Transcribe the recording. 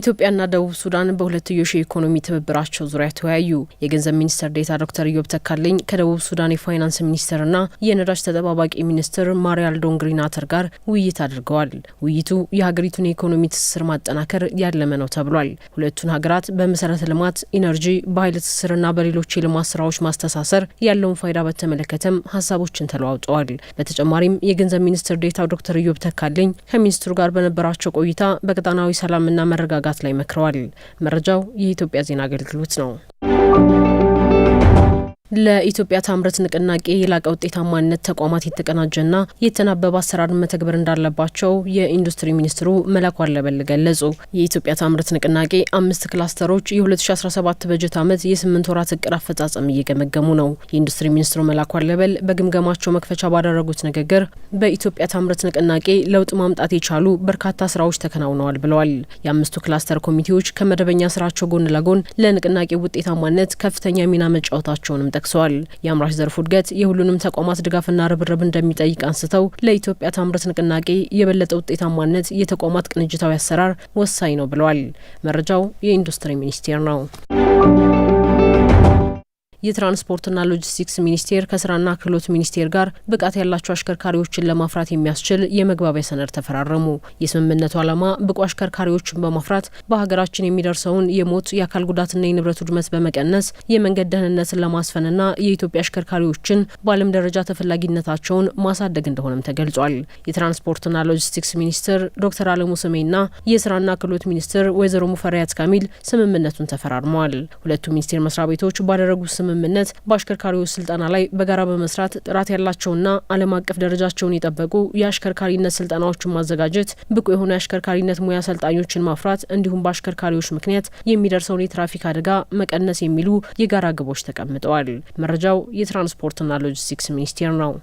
ኢትዮጵያና ደቡብ ሱዳን በሁለትዮሽ የኢኮኖሚ ትብብራቸው ዙሪያ ተወያዩ። የገንዘብ ሚኒስትር ዴታ ዶክተር ኢዮብ ተካልኝ ከደቡብ ሱዳን የፋይናንስ ሚኒስትርና የነዳጅ ተጠባባቂ ሚኒስትር ማሪያል ዶንግሪናተር ጋር ውይይት አድርገዋል። ውይይቱ የሀገሪቱን የኢኮኖሚ ትስስር ማጠናከር ያለመ ነው ተብሏል። ሁለቱን ሀገራት በመሰረተ ልማት፣ ኢነርጂ፣ በኃይል ትስስርና በሌሎች የልማት ስራዎች ማስተሳሰር ያለውን ፋይዳ በተመለከተም ሀሳቦችን ተለዋውጠዋል። በተጨማሪም የገንዘብ ሚኒስትር ዴታ ዶክተር ኢዮብ ተካልኝ ከሚኒስትሩ ጋር በነበራቸው ቆይታ በቀጣናዊ ሰላምና መረጋ። መረጋጋት ላይ መክረዋል። መረጃው የኢትዮጵያ ዜና አገልግሎት ነው። ለኢትዮጵያ ታምረት ንቅናቄ የላቀ ውጤታማነት ተቋማት የተቀናጀና የተናበበ አሰራር መተግበር እንዳለባቸው የኢንዱስትሪ ሚኒስትሩ መላኩ አለበል ገለጹ። የኢትዮጵያ ታምረት ንቅናቄ አምስት ክላስተሮች የ2017 በጀት ዓመት የስምንት ወራት እቅድ አፈጻጸም እየገመገሙ ነው። የኢንዱስትሪ ሚኒስትሩ መላኩ አለበል በግምገማቸው መክፈቻ ባደረጉት ንግግር በኢትዮጵያ ታምረት ንቅናቄ ለውጥ ማምጣት የቻሉ በርካታ ስራዎች ተከናውነዋል ብለዋል። የአምስቱ ክላስተር ኮሚቴዎች ከመደበኛ ስራቸው ጎን ለጎን ለንቅናቄ ውጤታማነት ከፍተኛ ሚና መጫወታቸውንም ጠቅሰዋል። የአምራች ዘርፉ እድገት የሁሉንም ተቋማት ድጋፍና ርብርብ እንደሚጠይቅ አንስተው ለኢትዮጵያ ታምርት ንቅናቄ የበለጠ ውጤታማነት የተቋማት ቅንጅታዊ አሰራር ወሳኝ ነው ብለዋል። መረጃው የኢንዱስትሪ ሚኒስቴር ነው። የትራንስፖርትና ሎጂስቲክስ ሚኒስቴር ከስራና ክህሎት ሚኒስቴር ጋር ብቃት ያላቸው አሽከርካሪዎችን ለማፍራት የሚያስችል የመግባቢያ ሰነድ ተፈራረሙ። የስምምነቱ ዓላማ ብቁ አሽከርካሪዎችን በማፍራት በሀገራችን የሚደርሰውን የሞት የአካል ጉዳትና የንብረት ውድመት በመቀነስ የመንገድ ደህንነትን ለማስፈንና የኢትዮጵያ አሽከርካሪዎችን በዓለም ደረጃ ተፈላጊነታቸውን ማሳደግ እንደሆነም ተገልጿል። የትራንስፖርትና ሎጂስቲክስ ሚኒስትር ዶክተር አለሙ ስሜና የስራና ክህሎት ሚኒስትር ወይዘሮ ሙፈሪያት ካሚል ስምምነቱን ተፈራርመዋል። ሁለቱ ሚኒስቴር መስሪያ ቤቶች ባደረጉት ስም ስምምነት በአሽከርካሪዎች ስልጠና ላይ በጋራ በመስራት ጥራት ያላቸውና ዓለም አቀፍ ደረጃቸውን የጠበቁ የአሽከርካሪነት ስልጠናዎችን ማዘጋጀት፣ ብቁ የሆኑ የአሽከርካሪነት ሙያ አሰልጣኞችን ማፍራት እንዲሁም በአሽከርካሪዎች ምክንያት የሚደርሰውን የትራፊክ አደጋ መቀነስ የሚሉ የጋራ ግቦች ተቀምጠዋል። መረጃው የትራንስፖርትና ሎጂስቲክስ ሚኒስቴር ነው።